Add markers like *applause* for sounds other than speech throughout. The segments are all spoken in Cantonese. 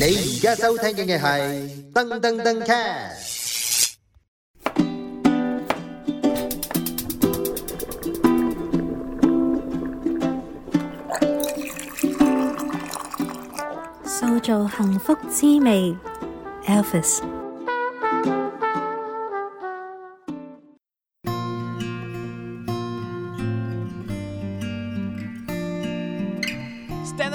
你而家收聽嘅係燈登登 Cast，塑造幸福滋味，Elvis。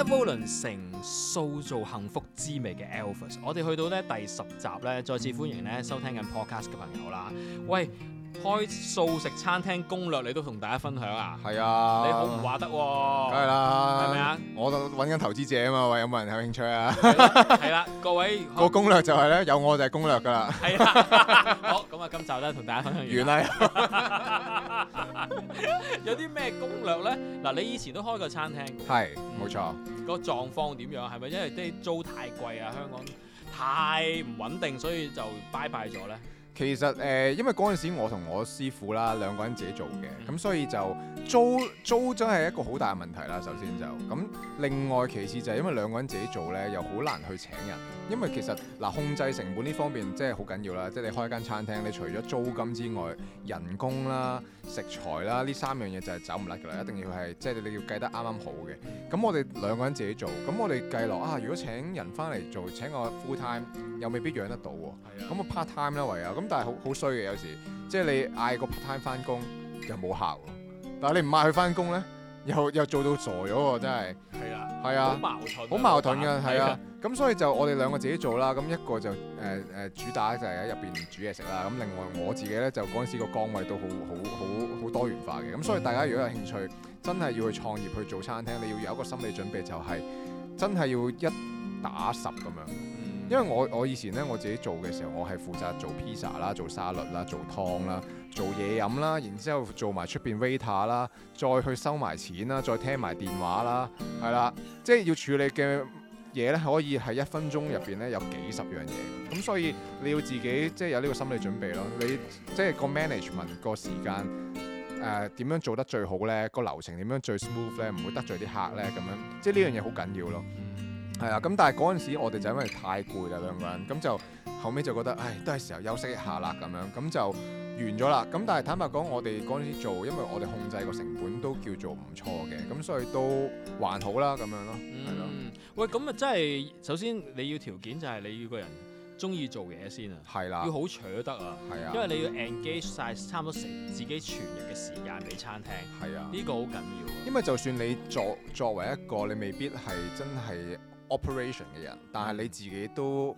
v o l u n t e e r 塑造幸福滋味嘅 Elvis，我哋去到咧第十集咧，再次歡迎咧收聽緊 podcast 嘅朋友啦。喂，開素食餐廳攻略你都同大家分享啊？係啊，你好唔話得喎、哦。梗係啦，係咪我搵緊投資者啊嘛，喂，有冇人有興趣啊？係啦，各位個攻略就係、是、咧，有我就係攻略噶啦。係啦，好，咁啊，今集咧同大家分享完啦。原來 *laughs* 有啲咩攻略咧？嗱、啊，你以前都開過餐廳，係冇錯。嗯、錯個狀況點樣？係咪因為啲租太貴啊？香港太唔穩定，所以就拜拜咗咧？其實誒、呃，因為嗰陣時我同我師傅啦，兩個人自己做嘅，咁所以就租租真係一個好大嘅問題啦。首先就咁，另外其次就係因為兩個人自己做咧，又好難去請人。因為其實嗱、呃，控制成本呢方面即係好緊要啦。即係你開間餐廳，你除咗租金之外，人工啦、食材啦，呢三樣嘢就係走唔甩㗎啦，一定要係即係你，你要計得啱啱好嘅。咁我哋兩個人自己做，咁我哋計落啊，如果請人翻嚟做，請我 full time 又未必養得到喎、啊。咁係啊我 part time 啦唯有。咁但係好好衰嘅，有時即係你嗌個 part time 翻工又冇效，但係你唔嗌佢翻工咧，又又做到傻咗喎，真係係啊，係啊，好矛盾，好矛盾嘅，係啊。咁 *laughs* 所以就我哋兩個自己做啦。咁一個就誒誒、呃呃、主打就係喺入邊煮嘢食啦。咁另外我自己咧就嗰陣時個崗位都好好好好多元化嘅。咁所以大家如果有興趣，真係要去創業去做餐廳，你要有一個心理準備，就係真係要一打十咁樣。因為我我以前咧我自己做嘅時候，我係負責做 pizza 啦、做沙律啦、做湯啦、做嘢飲啦，然之後做埋出邊 waiter 啦，再去收埋錢啦，再聽埋電話啦，係啦，即係要處理嘅嘢咧，可以係一分鐘入邊咧有幾十樣嘢，咁所以你要自己即係有呢個心理準備咯。你即係個 management 個時間誒點樣做得最好咧？呢個流程點樣最 smooth 咧？唔會得罪啲客咧咁樣，即係呢樣嘢好緊要咯。係啊，咁但係嗰陣時我哋就因為太攰啦，兩個人咁就後尾就覺得，唉，都係時候休息一下啦咁樣，咁就完咗啦。咁但係坦白講，我哋嗰陣時做，因為我哋控制個成本都叫做唔錯嘅，咁所以都還好啦咁樣咯，係咯、嗯。啊、喂，咁啊真係，首先你要條件就係你要個人中意做嘢先啊，係啦，要好扯得啊，係啊，啊因為你要 engage 晒差唔多成自己全日嘅時間俾餐廳，係啊，呢個好緊要、啊。因為就算你作作為一個，你未必係真係。operation 嘅人，但係你自己都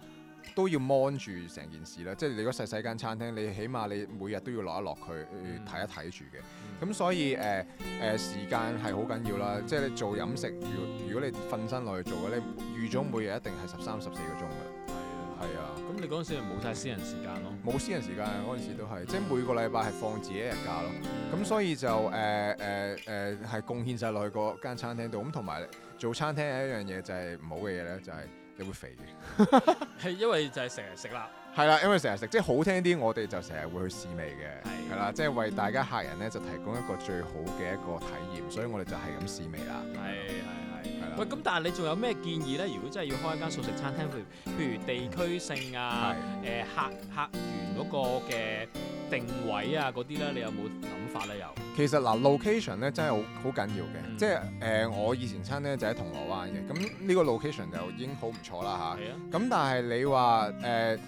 都要 mon 住成件事啦。即係你個細細間餐廳，你起碼你每日都要落、呃嗯、一落去睇一睇住嘅。咁、嗯、所以誒誒、呃、時間係好緊要啦。即係你做飲食，如果如果你瞓身落去做嘅，你預咗每日一定係十三十四個鐘㗎。係啊。係啊。咁你嗰陣時係冇晒私人時間咯。冇私人時間，嗰陣時都係，即係每個禮拜係放自己一日假咯。咁、嗯、所以就誒誒誒係貢獻晒落去個間餐廳度，咁同埋。做餐廳嘅一樣嘢就係唔好嘅嘢咧，就係你會肥嘅。係 *laughs* 因為就係成日食啦。係啦，因為成日食，即係好聽啲，我哋就成日會去試味嘅。係。係啦，即係為大家客人咧就提供一個最好嘅一個體驗，所以我哋就係咁試味啦。係係係。喂，咁但係你仲有咩建議咧？如果真係要開間素食餐廳，譬如譬如地區性啊，誒、呃、客客源嗰個嘅。定位啊嗰啲咧，你有冇諗法咧？又其實嗱、呃、location 咧真係好好緊要嘅，嗯、即係誒、呃、我以前餐廳就喺銅鑼灣嘅，咁呢個 location 就已經好唔錯啦吓，咁、啊啊、但係你話誒、呃、銅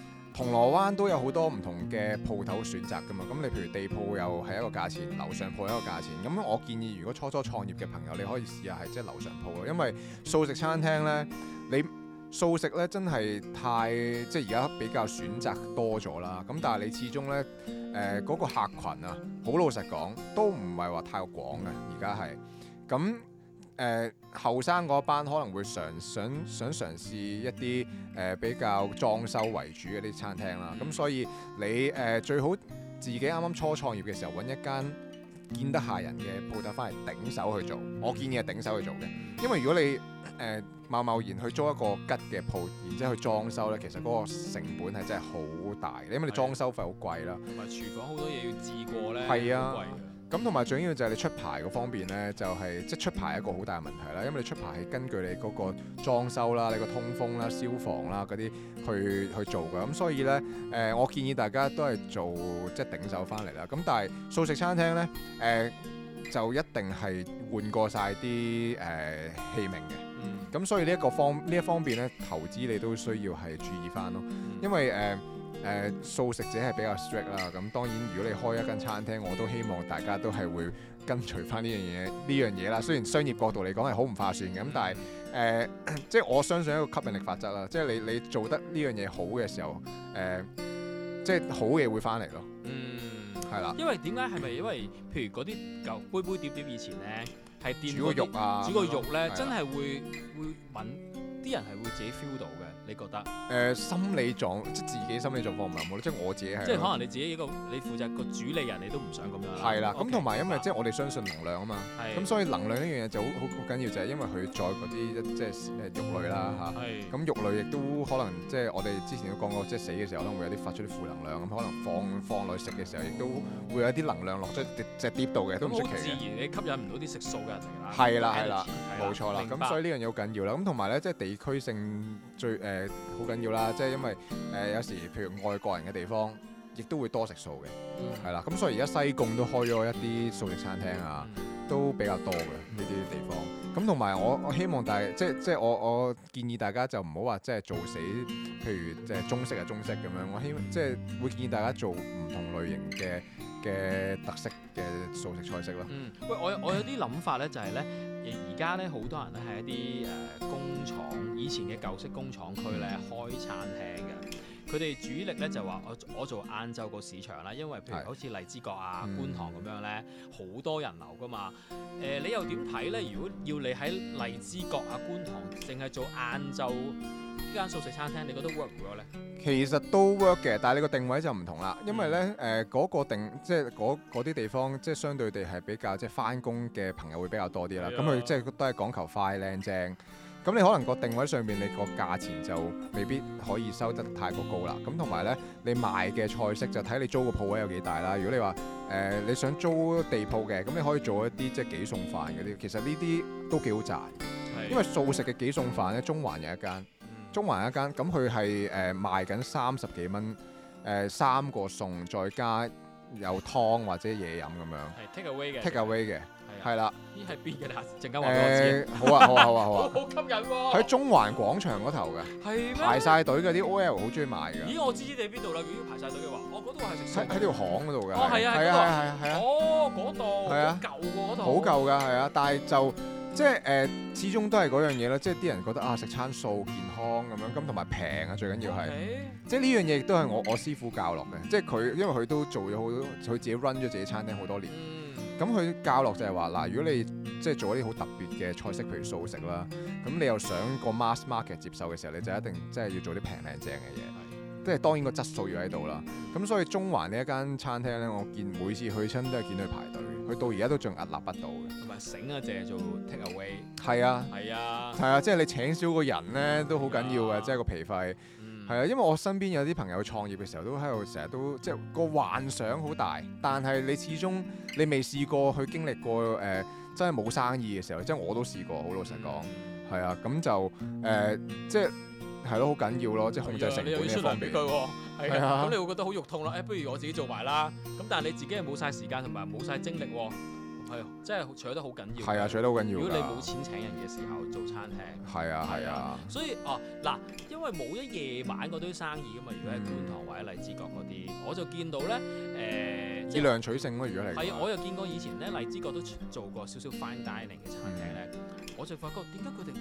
鑼灣都有好多唔同嘅鋪頭選擇噶嘛，咁你譬如地鋪又係一個價錢，嗯、樓上鋪一個價錢。咁我建議如果初初創業嘅朋友，你可以試下係即係樓上鋪嘅，因為素食餐廳咧，你素食咧真係太即係而家比較選擇多咗啦。咁、嗯、但係你始終咧。誒嗰、呃嗰個客群啊，好老實講，都唔係話太廣嘅，而家係。咁誒後生嗰班可能會嘗想想嘗試一啲誒、呃、比較裝修為主嘅啲餐廳啦。咁、嗯、所以你誒、呃、最好自己啱啱初創業嘅時候揾一間見得下人嘅鋪頭翻嚟頂手去做，我建議係頂手去做嘅。因為如果你誒貿貿然去租一個吉嘅鋪，然之後去裝修咧，其實嗰個成本係真係好大。你因為你裝修費好貴啦，同埋廚房好多嘢要治過咧，好貴嘅。咁同埋最緊要就係你出牌個方面呢、就是，就係、是、即出牌一個好大問題啦。因為你出牌係根據你嗰個裝修啦、你個通風啦、消防啦嗰啲去去做㗎。咁所以呢，誒、呃、我建議大家都係做即、就是、頂手翻嚟啦。咁但係素食餐廳呢，誒、呃、就一定係換過晒啲誒器皿嘅。咁、嗯、所以呢一個方呢一方面呢投資你都需要係注意翻咯。因為誒、呃誒、呃、素食者係比較 strict 啦，咁當然如果你開一間餐廳，我都希望大家都係會跟隨翻呢樣嘢呢樣嘢啦。雖然商業角度嚟講係好唔划算嘅，咁、嗯、但係誒、呃，即係我相信一個吸引力法則啦。即係你你做得呢樣嘢好嘅時候，誒、呃，即係好嘢會翻嚟咯。嗯，係啦。因為點解係咪因為譬如嗰啲舊杯杯碟碟，碟以前咧係墊住個肉啊，煮個肉咧吧真係會會穩。吧啲人係會自己 feel 到嘅，你覺得？誒心理狀，即係自己心理狀況唔係冇，即係我自己係。即係可能你自己一個，你負責個主理人，你都唔想咁樣。係啦，咁同埋因為即係我哋相信能量啊嘛，咁所以能量呢樣嘢就好好緊要，就係因為佢在嗰啲即係肉類啦嚇，咁肉類亦都可能即係我哋之前都講過，即係死嘅時候咧會有啲發出啲負能量，咁可能放放落去食嘅時候亦都會有啲能量落即係碟度嘅，都唔出奇嘅。自然你吸引唔到啲食素嘅人嚟啦，係啦係啦，冇錯啦，咁所以呢樣嘢好緊要啦，咁同埋咧即係地區性最誒好緊要啦，即係因為誒、呃、有時譬如外國人嘅地方，亦都會多食素嘅，係啦、嗯。咁所以而家西貢都開咗一啲素食餐廳啊，都比較多嘅呢啲地方。咁同埋我我希望大家即係即係我我建議大家就唔好話即係做死，譬如即係中式啊，中式咁樣。我希望即係會建議大家做唔同類型嘅。嘅特色嘅素食菜式咯，嗯，喂，我我有啲諗法咧，就係咧，而家咧，好多人咧喺一啲誒工廠，以前嘅舊式工廠區咧開餐廳嘅，佢哋主力咧就話我我做晏晝個市場啦，因為譬如好似荔枝角啊、嗯呃、啊、觀塘咁樣咧，好多人流噶嘛，誒你又點睇咧？如果要你喺荔枝角啊、觀塘淨係做晏晝？呢間素食餐廳，你覺得 work 唔 work 咧？其實都 work 嘅，但係你個定位就唔同啦。因為咧誒嗰個定即係嗰啲地方，即係相對地係比較即係返工嘅朋友會比較多啲啦。咁佢是、啊嗯、即係都係講求快靚正。咁你可能個定位上面，你個價錢就未必可以收得太過高啦。咁同埋咧，你賣嘅菜式就睇你租個鋪位有幾大啦。如果你話誒、呃、你想租地鋪嘅，咁你可以做一啲即係幾餸飯嗰啲，嗯、其實呢啲都幾好賺。因為素食嘅幾餸飯咧，中環有一間。中環一間，咁佢係誒賣緊三十幾蚊，誒三個餸再加有湯或者嘢飲咁樣。係 take away 嘅，take away 嘅，係啦。咦，係邊嘅？陣間話俾我知。好啊，好啊，好啊，好啊。好吸引喎！喺中環廣場嗰頭㗎。係排晒隊㗎，啲 OL 好中意買㗎。咦！我知知你邊度啦，如果要排晒隊嘅話，我嗰度係食。喺條巷嗰度㗎。哦，係啊，係啊，係啊。啊。哦，嗰度。係啊。舊嗰度。好舊㗎，係啊，但係就。即係誒、呃，始終都係嗰樣嘢咯。即係啲人覺得啊，食餐素健康咁樣，咁同埋平啊，最緊要係。Okay. 即係呢樣嘢亦都係我我師傅教落嘅。即係佢因為佢都做咗好多，佢自己 run 咗自己餐廳好多年。咁佢、mm. 教落就係話嗱，如果你即係做一啲好特別嘅菜式，譬如素食啦，咁你又想個 mass market 接受嘅時候，你就一定即係要做啲平靚正嘅嘢。即係、mm. 當然個質素要喺度啦。咁所以中環呢一間餐廳咧，我見每次去親都係見佢排隊。佢到而家都仲屹立不到嘅，唔係醒啊，淨係做 takeaway。係啊，係啊，係啊，即係你請少個人咧都好緊要嘅，即係個脾肺。係、嗯、啊，因為我身邊有啲朋友創業嘅時候都喺度，成日都即係個幻想好大，但係你始終你未試過去經歷過誒、呃，真係冇生意嘅時候，即係我都試過，好老實講。係、嗯、啊，咁就誒，呃嗯、即係係咯，好緊要咯，即係、嗯、控制成本嘅方面。嗯嗯係啊，咁你會覺得好肉痛啦！誒、哎，不如我自己做埋啦。咁但係你自己又冇晒時間同埋冇晒精力喎。係、哦，真係搶得好緊要。係啊，取得好緊要。啊、得要如果你冇錢請人嘅時候做餐廳。係啊，係啊，啊。所以哦，嗱、啊，因為冇一夜晚嗰堆生意噶嘛。如果喺觀塘或者荔枝角嗰啲，嗯、我就見到咧，誒、呃，以量取勝咯。如果係，係，我又見過以前咧荔枝角都做過少少 fine dining 嘅餐廳咧，嗯、我就發覺點解佢哋，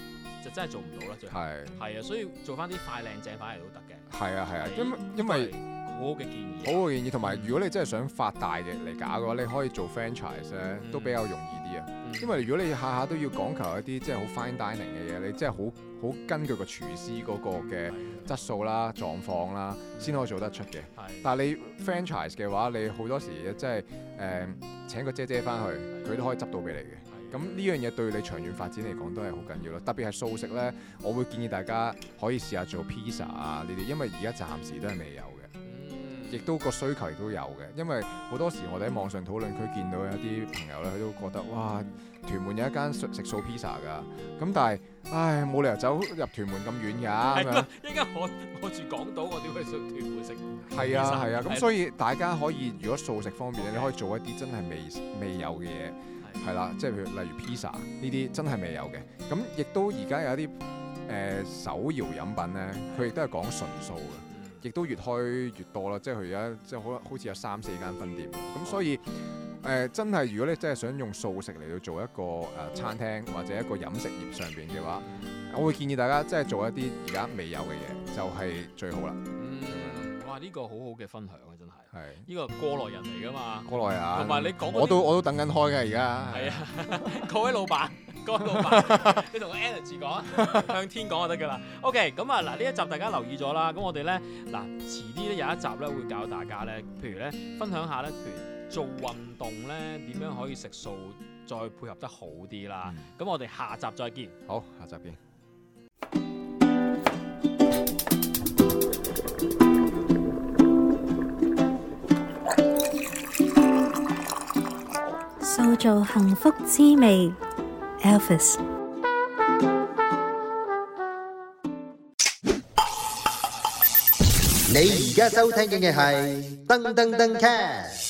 咦？就真係做唔到啦，就係啊，所以做翻啲快靚正反而都得嘅。係啊係啊，因因為好好嘅建議，好好建議。同埋如果你真係想發大嘅嚟搞嘅話，你可以做 franchise 咧，都比較容易啲啊。因為如果你下下都要講求一啲即係好 fine dining 嘅嘢，你即係好好根據個廚師嗰個嘅質素啦、狀況啦，先可以做得出嘅。但係你 franchise 嘅話，你好多時即係誒請個姐姐翻去，佢都可以執到俾你嘅。咁呢樣嘢對你長遠發展嚟講都係好緊要咯，特別係素食呢。我會建議大家可以試下做 pizza 啊，呢啲，因為而家暫時都係未有嘅，亦都個需求亦都有嘅，因為好多時我哋喺網上討論區見到有啲朋友呢，佢都覺得哇，屯門有一間食食素 pizza 㗎，咁但係，唉，冇理由走入屯門咁遠㗎，係咯，依家我，我住港島，我點可以上屯門食？係啊係啊，咁所以大家可以如果素食方面咧，你可以做一啲真係未未有嘅嘢。係啦，呃嗯，即係譬如例如披薩呢啲真係未有嘅，咁亦都而家有一啲誒手搖飲品咧，佢亦都係講純素嘅，亦都越開越多啦。即係佢而家即係好好似有三四間分店，咁、哦、所以誒、呃、真係如果你真係想用素食嚟到做一個誒餐廳，嗯，或者一個飲食業上邊嘅話，我會建議大家即係做一啲而家未有嘅嘢就係、是、最好啦。嗯，嗯，哇！呢、這個好好嘅分享。係呢個過來人嚟噶嘛，過來人啊，同埋你講，我都我都等緊開嘅而家。係啊， *laughs* 各位老闆， *laughs* 各位老闆， *laughs* 你同個 Alex 講， *laughs* 向天講就得㗎啦。OK，咁啊嗱，呢一集大家留意咗啦。咁我哋咧嗱，遲啲咧有一集咧會教大家咧，譬如咧分享下咧，譬如做運動咧點樣可以食素，再配合得好啲啦。咁、嗯、我哋下集再見。好，下集見。做幸福滋味，Elvis。你而家收聽緊嘅係燈登登 Cat。